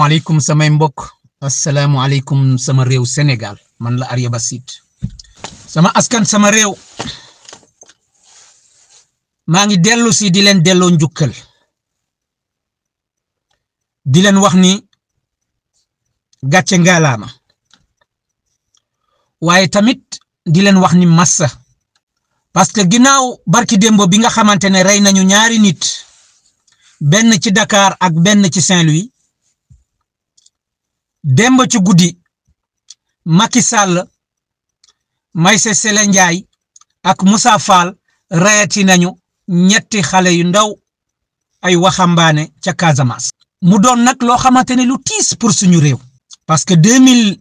asalaamaaleykum samay mbokk asalaamaaleykum sama réew Sénégal man la Arya sama askan sama réew maa ngi dellu si di leen delloo njukkal di leen wax ni gàcce ngaalaama waaye tamit di leen wax ni massa parce que ginnaaw barki démb bi nga xamante ne rey nañu ñaari nit benn ci Dakar ak benn ci Saint-Louis démb ci guddi Macky Sall Maïssé Sélé Ndiaye ak mussa Fall rayati nañu ñetti xale yu ndaw ay waxambaane ca Casamance. mu doon nag loo xamante ne suñu réew. parce que deux mille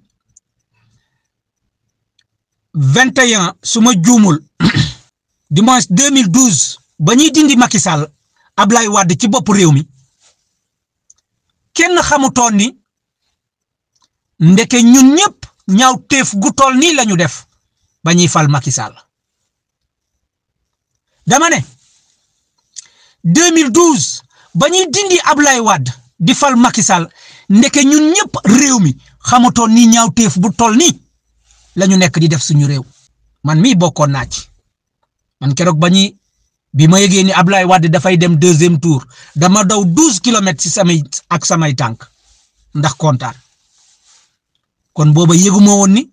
vingt et un juumul du moins deux ba ñuy dindi Macky Sall Ablaye Wade ci bopp réew mi kenn xamutoon ni. ndeke ñun ñëpp ñaaw téef gu toll nii lañu def ba ñuy fal Macky dama ne 2012 ba ñuy dindi Ablaye Wade di fal Macky ndeke ñun ñëpp réew mi xamatoon ni ñaaw téef bu toll nii lañu nekk di def suñu réew man mii bokkoon naa ci man keroog ba ñuy bi ma yëgee ni Ablaye Wade dafay dem deuxième tour dama daw douze kilomètres ci samay ak samay tànk ndax kontaan. kon booba yëguma woon ni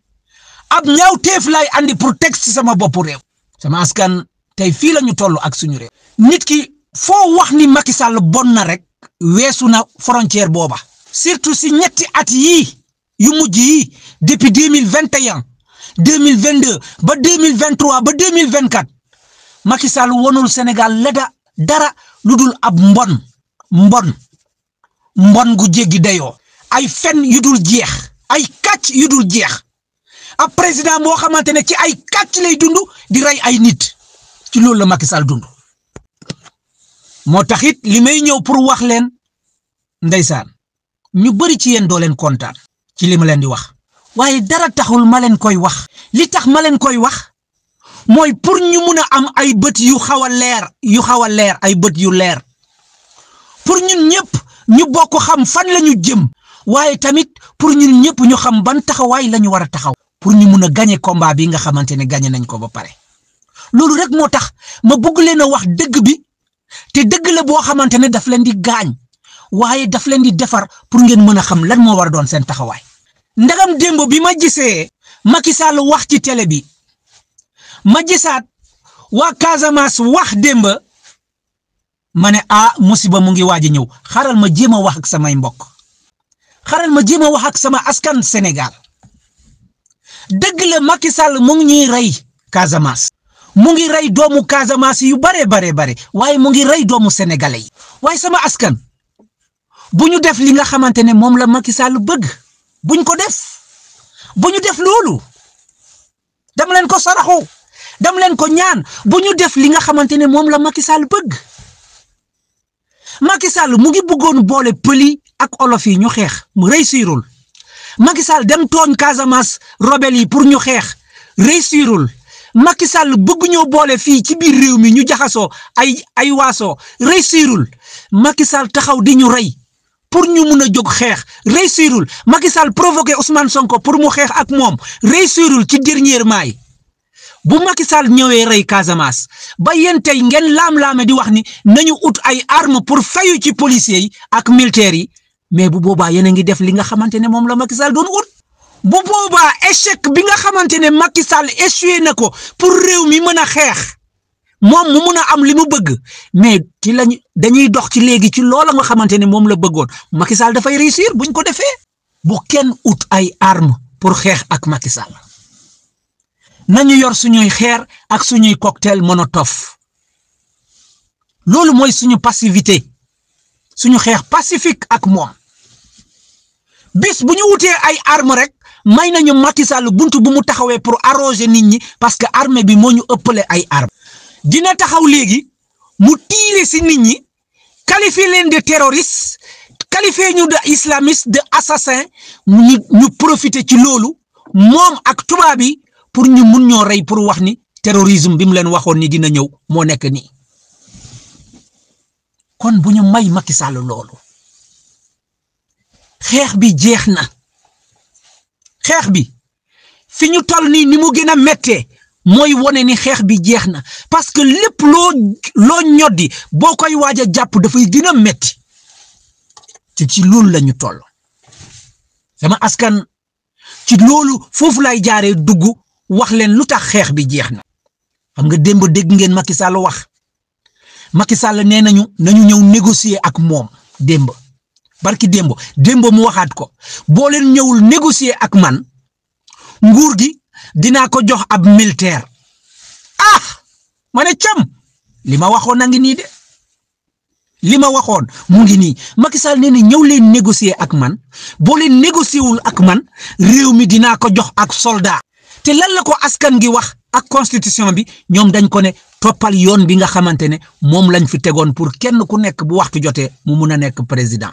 ab ñaaw teef laay andi pour teg ci sama boppu réew sama askan tey fii la ñu toll ak suñu réew nit ki foo wax ni Macky Sall bon na rek weesu na frontière booba surtout si ñetti at yii yu mujj yi depuis deux mille vingt et deux mille vingt deux ba deux mille vingt ba deux mille vingt quatre Macky Sall wonul Sénégal leda dara lu dul ab mbon mbon mbon gu jéggi dayoo ay fen yu dul jeex. ay kàcc yu dul jeex a président boo xamante ne ci ay kàcc lay dund di rey ay nit ci loolu la Macky Sall dund moo tax it li may ñëw pour wax leen ndeysaan ñu bëri ci yéen doo leen kontaan ci li ma leen di wax waaye dara taxul ma leen koy wax li tax ma leen koy wax mooy pour ñu mun a am ay bët yu xaw a leer yu xaw a ay bët yu leer pour ñun ñëpp ñu bokk xam fan lañu jëm waaye tamit pour ñu ñëpp ñu xam ban taxawaay lañu ñu war a taxaw pour ñu mun a gagné combat bi nga xamante ne gagné nañ ko ba pare loolu rek moo tax ma bëgg leen a wax dëgg bi te dëgg la boo xamante ne daf leen di gaañ waaye daf leen di defar pour ngeen mën a xam lan moo war a doon seen taxawaay. ndagam démb bi ma gisee Macky Sall wax ci télé bi ma gisaat waa Casamance wax démb ma ne ah musiba mu ngi waaj a ñëw xaaral ma jéem a wax ak samay mbokk. xaral ma jéem a wax ak sama askan senegaal dëgg la Macky Sall mu ngi ñuy rey Casamance mu ngi rey doomu Casamance yu bare bare bare waaye mu ngi rey doomu sénégalais waaye sama askan bu ñu def li nga xamante ne moom la Macky Sall bëgg buñ ko def bu ñu def loolu dam leen ko saraxu dam leen ko ñaan bu ñu def li nga xamante ne moom la Macky Sall bëgg Macky Sall mu ngi bëggoon boole pëli ak olof yi ñu xeex mu réussirul Macky Sall dem tooñ Casamance rebel yi pour ñu xeex réussirul Macky Sall bëgg ñoo boole fii ci biir réew mi ñu jaxasoo ay ay waasoo réussirul Macky Sall taxaw di ñu rey pour ñu mun a jóg xeex réussirul Macky Sall provoqué Ousmane Sonko pour mu xeex ak moom réussirul ci dernièrement yi bu Macky Sall ñëwee rey Casamance ba yéen tey ngeen laam-laame di wax ni nañu ut ay armes pour fayu ci policiers yi ak militaires yi mais bu boobaa yéen a ngi def li nga xamante ne moom la Macky Sall doon ut bu boobaa échec bi nga xamante ne Macky Sall échoué na ko pour réew mi mën a xeex moom mu mun a am li mu bëgg mais ci lañu dañuy dox ci léegi ci loola nga xamante ne moom la bëggoon Macky Sall dafay réussir buñ ko defee bu kenn ut ay arm pour xeex ak Macky nañu yor suñuy xeer ak suñuy cocktail Molotov loolu mooy suñu passivité suñu xeex pacifique ak moom bis bu ñu wutee ay arme rek may nañu Macky Sall bunt bu mu taxawee pour arroger nit ñi parce que armée bi moo ñu ëppale ay arme dina taxaw léegi mu tiire si nit ñi qualifié leen de terroriste qualifié ñu de islamiste de assassin ñu ñu profité ci loolu moom ak tubaab yi pour ñu mun ñoo rey pour wax ni terrorisme bi mu leen waxoon ni dina ñëw moo nekk nii kon bu ñu may Macky loolu. xeex bi jeex na xeex bi fi ñu toll nii ni mu gën a méttee mooy wone ni xeex bi jeex na parce que lépp loo ñoddi boo koy waaj a jàpp dafay gën a metti te ci loolu lañu toll sama askan ci loolu foofu lay jaaree dugg wax leen lu tax xeex bi jeex na. xam nga démb dégg ngeen Macky Sall wax Macky nee nañu nañu ñëw négocier ak moom démb. barki démb démb mu waxaat ko boo leen ñëwul négocier ak man nguur gi dinaa ko jox ab militaire ah ma ne cam li ma waxoon a ngi nii de li ma waxoon mu ngi nii Macky Sall nee na ñëw leen négocier ak man boo leen ak man réew mi dinaa ko jox ak solda te lan la ko askan gi wax ak constitution bi ñoom dañ ko ne toppal yoon bi nga xamante ne moom lañ fi tegoon pour kenn ku nekk bu waxtu jotee mu mun a nekk président.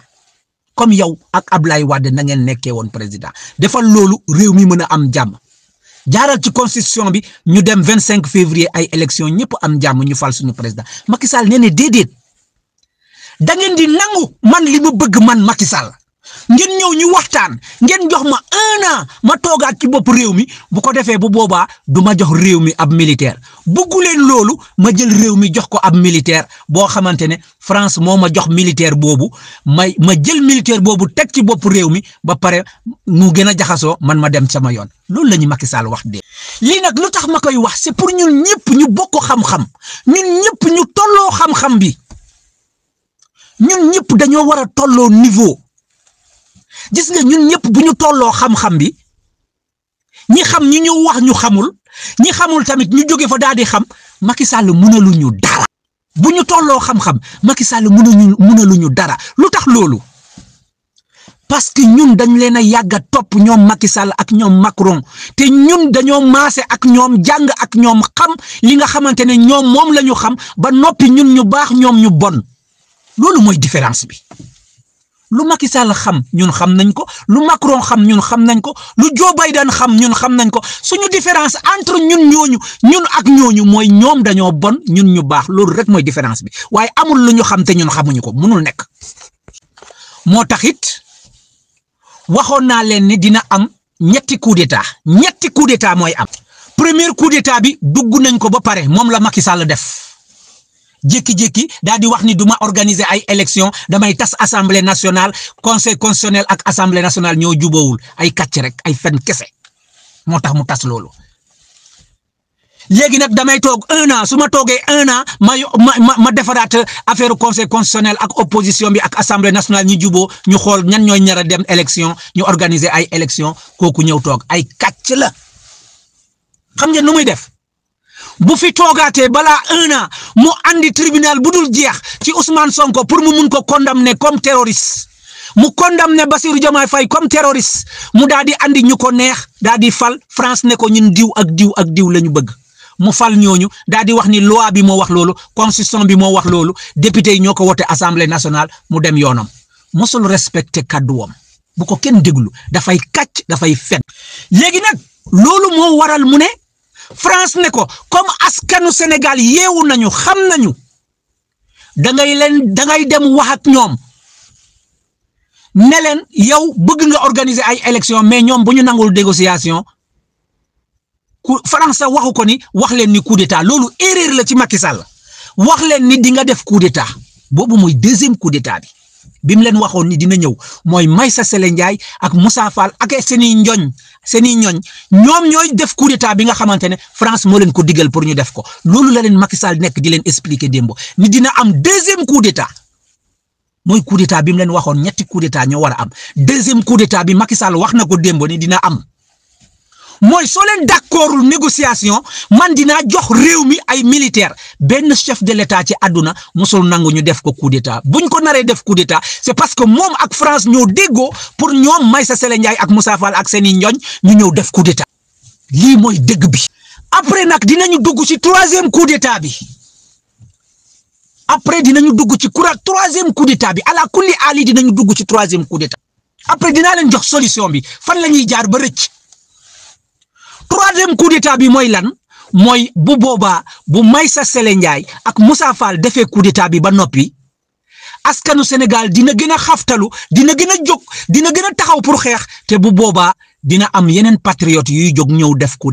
comme yow ak Ablaye Wade na ngeen nekkee woon président defal loolu réew mi mën a am jàmm jaaral ci constitution bi ñu dem 25 février ay élection ñëpp am jàmm ñu fal suñu président Macky Sall nee na déedéet da ngeen di nangu man li ma bëgg man Macky Sall ngeen ñëw ñu waxtaan ngeen jox ma un an ma toogaat ci bopp réew mi bu ko defee bu boobaa du ma jox réew mi ab militaire bëggu leen loolu ma jël réew mi jox ko ab militaire boo xamante ne France moo ma jox militaire boobu may ma jël militaire boobu teg ci bopp réew mi ba pare mu gën a jaxasoo man ma dem sama yoon loolu la ñu Macky Sall wax de. lii nag lu tax ma koy wax c'est pour ñun ñëpp ñu bokk xam-xam ñun ñëpp ñu tolloo xam-xam bi ñun ñëpp dañoo war a tolloo niveau gis nga ñun ñëpp bu ñu tolloo xam-xam bi ñi xam ñi ñu wax ñu xamul. ñi xamul tamit ñu jóge fa daal di xam Macky Sall mënaluñu dara bu ñu tolloo xam-xam Macky Sall mënaluñu mënaluñu dara lu tax loolu parce que ñun dañ leen a yàgg topp ñoom Macky Sall ak ñoom Macron te ñun dañoo maase ak ñoom jàng ak ñoom xam li nga xamante ne ñoom moom la ñu xam ba noppi ñun ñu baax ñoom ñu bon loolu mooy différence bi. lu Macky Sall xam ñun xam nañ ko lu Macron xam ñun xam nañ ko lu joobay Biden xam ñun xam nañ ko suñu différence entre ñun ñooñu ñun ak ñooñu mooy ñoom dañoo bon ñun ñu baax loolu rek mooy différence bi waaye amul lu ñu xam te ñun xamuñu ko mënul nekk moo taxit waxoon naa leen ne dina am ñetti coup d'état ñetti coup d'état mooy am premier coup d'état bi dugg nañ ko ba pare moom la Macky Sall def. jékki-jékki daal di wax ni du ma organiser ay élection damay tas assemblée nationale conseil constitutionnel ak assemblée nationale ñoo jubóowul ay kàcc rek ay fen kese moo tax mu tas loolu. léegi nag damay toog un an su ma toogee un an ma ma ma defaraat affaire conseil constitutionnel ak opposition bi ak assemblée nationale ñu juboo ñu xool ñan ñooy ñara dem élection ñu organiser ay élection kooku ñëw toog ay kàcc la xam ngeen nu muy def. bu fi toogaatee balaa un mu andi tribunal bu dul jeex ci Ousmane Sonko pour mu mun ko kondam ne comme terroriste mu kondam condamné Bassirou Diomaye fay comme terroriste mu daal di andi ñu ko neex daal di fal France ne ko ñun diw ak diw ak diw la ñu bëgg mu fal ñooñu daal di wax ni loi bi moo wax loolu constitution bi moo wax loolu député yi ñoo ko wote assemblée nationale mu dem yoonam mosul respecté woom bu ko kenn déglu dafay kàcc dafay fen léegi nag loolu moo waral mu ne. France ne ko comme askanu Sénégal yeewu nañu xam nañu da ngay leen da ngay dem wax ak ñoom ne leen yow bëgg nga organiser ay élection mais ñoom bu ñu nangul négociation ku France waxu ko ni wax leen ni coup d'état loolu erreur la ci Macky Sall wax leen ni di nga def coup d'état boobu mooy deuxième coup d'état bi mu leen waxoon ni dina ñëw mooy Maysa Sele Ndiaye ak Moussa Fall ak seen i njoñ seen i ñoñ ñoom ñooy def coup bi nga xamante ne France moo leen ko digal pour ñu def ko loolu la leen Macky Sall nekk di leen expliquer démb ni dina am deuxième coup d'état mooy coup bi mu leen waxoon ñetti coup d'état ñoo war a am deuxième coup bi Macky wax na ko démb ni dina am. mooy soo leen d'accordul négociation man dinaa jox réew mi ay militaire benn chef de l'état ci àdduna mosul nangu ñu def ko coup d'état buñ ko naree def coup d'état c'est parce que moom ak France ñoo déggoo pour ñoom may Maysa Sele Ndiaye ak Moussa ak seen i ñooñ ñu ñëw def coup d'état lii mooy dëgg bi après nag dinañu dugg ci troisième coup d'état bi après dinañu dugg ci kura troisième coup d'état bi ala kulli ali dinañu dugg ci troisième coup d'état après dina leen jox solution bi fan la ñuy jaar ba troisième coup d'état bi mooy lan mooy bu boobaa bu Maysa Sele Ndiaye ak Moussa Fall defee coup bi ba noppi askanu Sénégal dina gën a xaftalu dina gën a jóg dina gën a taxaw pour xeex te bu boobaa dina am yeneen patriote yuy jóg ñëw def coup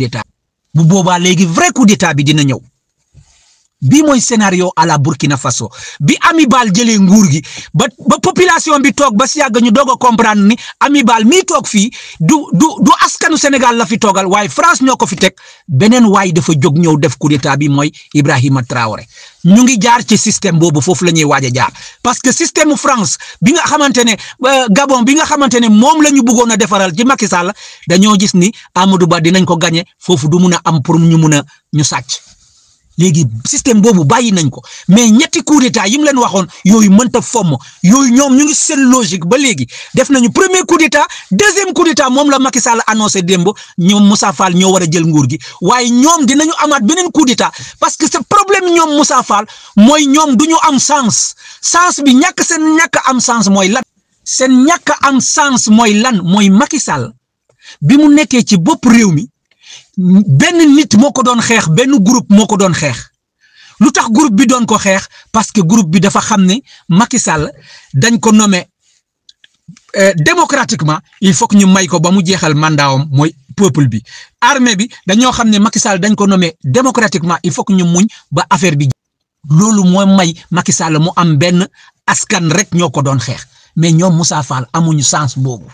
bu boobaa léegi vrai coup bi dina ñëw bii mooy scénario à la Burkina Faso bi Hannibal jëlee nguur gi ba ba population bi toog ba si yàgg ñu doog a comprendre ni amibal mii toog fii du du du askanu Sénégal la fi toogal waaye France ñoo ko fi teg benen waay dafa jóg ñëw def coup d'état bi mooy Ibrahima Traoré ñu ngi jaar ci système boobu foofu la ñuy waaj a jaar parce que système France bi nga xamante ne euh, Gabon bi nga xamante ne moom la ñu bëggoon a defaral ci Macky dañoo gis ni Amadou Ba dinañ ko gagné foofu du mun a am pour ñu mun a ñu sàcc. léegi système boobu bàyyi nañ ko mais ñetti coup yi mu leen waxoon yooyu mënta fomm yooyu ñoom ñu ngi seen logique ba léegi def nañu premier coup d'état deuxième moom la Macky Sall annoncé démb ñoom Moussa Fall ñoo war a jël nguur gi waaye ñoom dinañu amaat beneen coup d'état parce que ce problème ñoom Moussa Fall mooy ñoom du am sens sens bi ñàkk seen ñàkk am sens mooy lan seen ñàkk am sens mooy lan mooy Macky Sall bi mu nekkee ci bopp réew mi benn nit moo ko doon xeex benn groupe moo ko doon xeex lu tax groupe bi doon ko xeex parce que groupe bi dafa xam ni Macky Sall dañ ko nommé euh, démocratiquement il faut ñu may ko ba mu jeexal mandaawam mooy peuple bi armée bi dañoo xam ne Macky dañ ko nommé démocratiquement il faut ñu muñ ba affaire bi loolu mooy may Macky Sall mu am benn askan rek ñoo ko doon xeex mais ñoom Moussa Fall amuñu sens boobu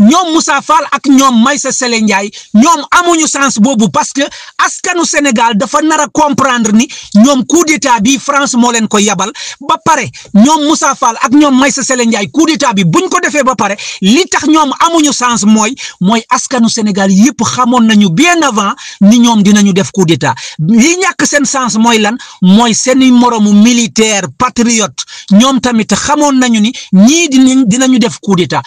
ñoom Moussa Fall ak ñoom Maysa Sele Ndiaye ñoom amuñu sens boobu parce que askanu Sénégal dafa nar a comprendre ni ñoom coup d'état bi France moo leen ko yabal ba pare ñoom Moussa Fall ak ñoom Maysa Sele Ndiaye coup d'état bi buñ ko defee ba pare li tax ñoom amuñu sens mooy mooy askanu Sénégal yëpp xamoon nañu bien avant ni ñoom dinañu def coup d'état li ñàkk seen sens mooy lan mooy seeni moromu militaire patriote ñoom tamit xamoon nañu ni ñii dinañ dinañu def coup d'état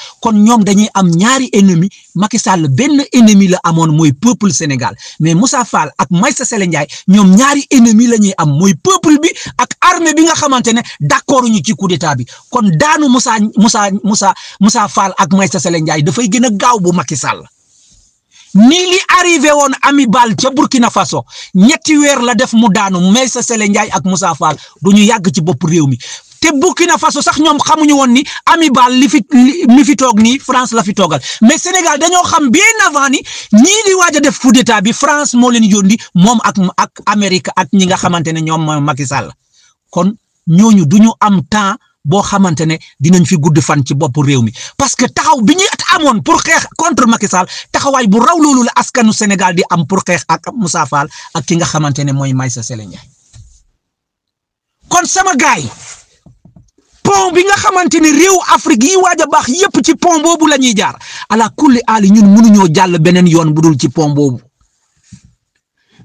ñaari ennemi Macky Sall benn ennemi la amoon mooy peuple Sénégal mais Moussa Fall ak Maïssa Sele Ndiaye ñoom ñaari ennemi la ñuy am mooy peuple bi ak armée bi nga xamante ne d'accord ñu ci coup d'état bi kon daanu Moussa Moussa Moussa Moussa Fall ak Maïssa Sele Ndiaye dafay gën a gaaw bu Macky Sall nii li arrivé woon Hannibal ca Burkina Faso ñetti weer la def mu daanu Maïssa Sele Ndiaye ak Moussa Fall du ñu yàgg ci bopp réew mi te Burkina Faso sax ñoom xamuñu woon ni Amibal li fi mi fi toog nii France la fi toogal mais Sénégal dañoo xam bi bien avant ni ñii di waaj a def coup d'état bi France moo leen yónni moom ak ak Amérique ak ñi nga xamante ne ñoom mooy Macky Sall kon ñooñu duñu am temps boo xamante ne dinañ fi gudd fan ci boppu réew mi parce que taxaw bi ñuy amoon pour xeex contre Macky taxawaay bu raw loolu la askanu Sénégal di am pour xeex ak Moussa Fall ak ki nga xamante ne mooy Maïssa Sélé Ndiaye pont bi nga xamante ni réew Afrique yi waaj a baax yépp ci pont boobu la ñuy jaar ala kulli aali ñun mënuñoo jàll beneen yoon bu dul ci pom boobu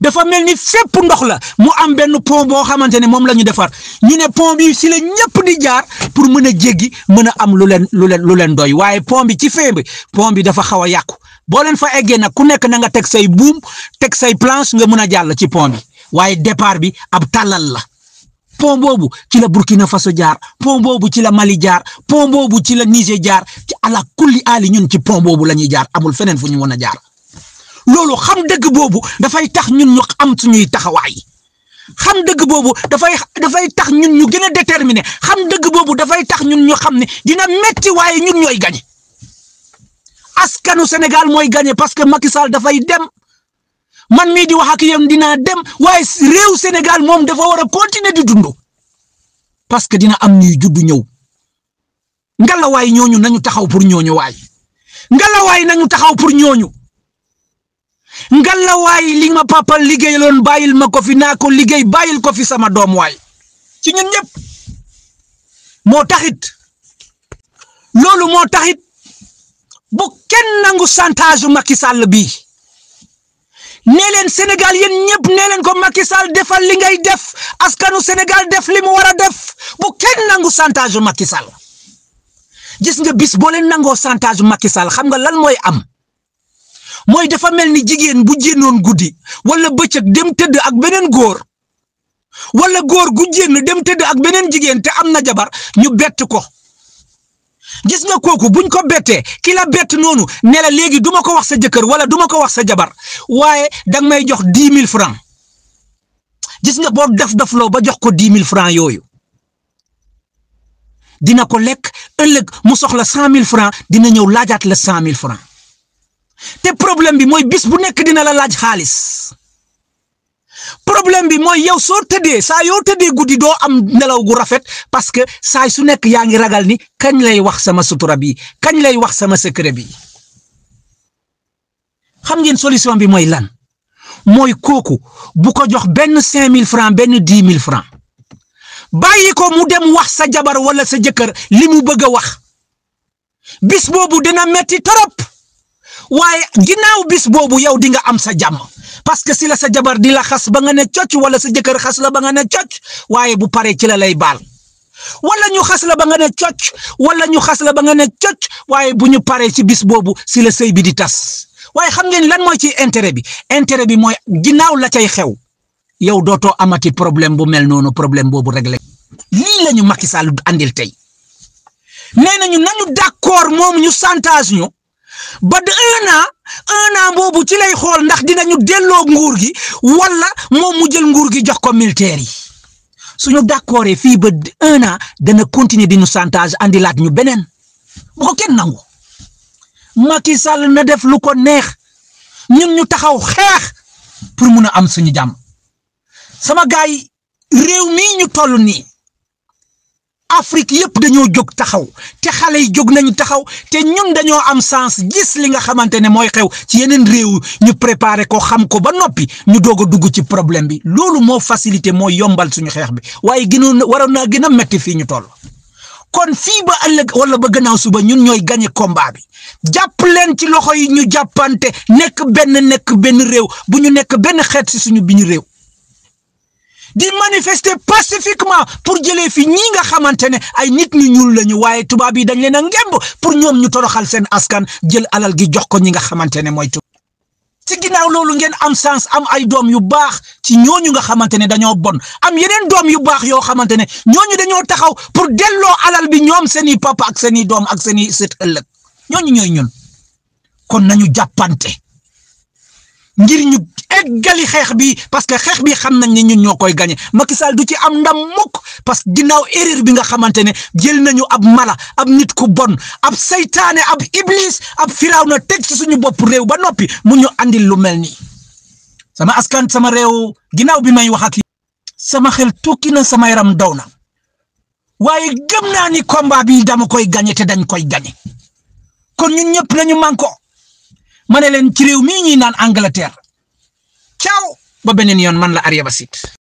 dafa mel ni fépp ndox la mu am benn pont boo xamante ne moom la ñu defar ñu ne pont bi si la ñëpp di jaar pour mën a jéggi mën a am lu leen lu leen lu leen doy waaye pont bi ci fin bi pont bi dafa xaw a yàqu boo leen fa eggee nag ku nekk na nga teg say buum teg say planche nga mën a jàll ci pont bi waaye départ bi ab tàllal la. pon boobu ci la Burkina Faso jaar pont boobu ci la Mali jaar pont boobu ci la Niger jaar ci ala kulli aali ñun ci pont boobu la jaar amul feneen fu ñu mën a jaar loolu xam dëgg boobu dafay tax ñun ñu am suñuy taxawaay xam dëgg boobu dafay dafay tax ñun ñu gën a déterminé xam dëgg boobu dafay tax ñun ñu xam ne dina metti waayi ñun ñooy gañe nu Sénégal mooy gañe parce que Macky Sall dafay dem man mii di wax ak yéen dinaa dem waaye réew Sénégal moom dafa war a continuer di dund parce que dina am ñuy juddu ñëw ngalawaay ñooñu nañu taxaw pour ñooñu waay ngalawaay nañu taxaw pour ñooñu ngalawaay li ma liggéey liggéeyaloon bàyyil ma ko fi naa ko liggéey bàyyil ko fi sama doom waay ci ñun ñëpp moo taxit loolu moo taxit bu kenn nangu chantage Macky Sall bii. nee leen Sénégal yéen ñëpp nee leen ko Macky Sall defal li ngay def askanu Sénégal def li mu war a def bu kenn nangu chantage Macky Sall gis nga bis boo leen nangoo chantage Macky Sall xam nga lan mooy am mooy dafa mel ni jigéen bu jénnoon guddi wala bëccëg dem tëdd ak beneen góor wala góor gu jénn dem tëdd ak beneen jigéen te am na jabar ñu bett ko gis nga kooku buñ ko bettee ki la bett noonu ne la léegi du ko wax sa jëkkër wala du ko wax sa jabar waaye danga may jox dix mille franc gis nga bo def def ba jox ko dix mille franc yooyu dina ko lekk ëllëg mu soxla cent mille franc dina ñëw laajaat la cent mille franc te problème bi mooy bis bu nekk dina la laaj xaalis problème bi mooy yow soo tëddee saa yoo tëddee guddi doo am nelaw gu rafet parce que saay su nekk yaa ngi ragal ni kañ lay wax sama sutura bi kañ lay wax sama secret bi xam ngeen solution bi mooy lan mooy kooku bu ko jox benn cinq mille francs benn dix mille francs bàyyi ko mu dem wax sa jabar wala sa jëkkër li mu bëgg a wax bis boobu dina metti torop waaye ginnaaw bis boobu yow di nga am sa jàmm parce que si la sa jabar di la xas ba nga ne cocc wala sa jëkkër xas la ba nga ne cocc waaye bu paree ci la lay baal wala ñu xas la ba nga ne cocc wala ñu xas la ba nga ne cocc waaye bu ñu paree ci bis boobu si la sëy bi di tas waaye xam ngeen lan mooy ci intérêt bi intérêt bi mooy ginnaaw la cay xew yow dootoo amati problème bu mel noonu problème boobu réglé. lii la ñu Macky Sall andil tey nee nañu nañu d'accord moom ñu chantage ba de un an un ci lay xool ndax dinañu delloo nguur gi wala moom mu jël nguur gi jox ko militaire yi suñu d'accord fii ba un dana continuer di ñu chantage andilaat ñu beneen bu ko kenn nangu Macky Sall na def lu ko neex ñun ñu taxaw xeex pour mun a am suñu jàmm sama gaay réew mii ñu toll nii Afrique yëpp dañoo jóg taxaw te xale yi jóg nañu taxaw te ñun dañoo am sens gis li nga xamante ne mooy xew ci yeneen réew ñu préparé ko xam ko ba noppi ñu doog a dugg ci problème bi loolu moo facilité moo yombal suñu xeex bi waaye gënoon waroon naa gën a métti fii ñu toll. kon fii ba ëllëg wala ba gannaaw suba ñun ñooy gagné combat bi jàpp leen ci loxo yi ñu jàppante nekk benn nekk benn réew bu ñu nekk benn xeet si suñu bi ñu réew di manifester pacifiquement pour jëlee fi ñii nga xamante ne ay nit ñu ñuul lañu waaye tubaab yi dañ leen a ngemb pour ñoom ñu toroxal seen askan jël alal gi jox ko ñi nga xamante ne mooy tubaab ci ginnaaw loolu ngeen am sens am ay doom yu baax ci ñooñu nga xamante ne dañoo bon am yeneen doom yu baax yoo xamante ne ñooñu dañoo taxaw pour delloo alal bi ñoom seen i papa ak seen i doom ak seen i sët ëllëg ñooñu ñooy ñun kon nañu jàppante ngir ñu gali xeex bi parce que xeex bi xam nañ ne ñun ñoo koy gañe Macky Sall du ci am ndam mukk parce que ginnaaw erreur bi nga xamante ne jël nañu ab mala ab nit ku bon ab saytaane ab iblis ab firaw na teg ci suñu bopp réew ba noppi mu ñu andil lu mel ni sama askan sama réew ginnaaw bi may wax ak sama xel tukki na sama yaram daw na waaye gëm naa ni combat bi dama koy gagné te dañ koy gagné kon ñu ñëpp nañu manko ma ne leen ci réew mii ñuy naan Angleterre. ciao ba beneen yoon man la Arya Ba Site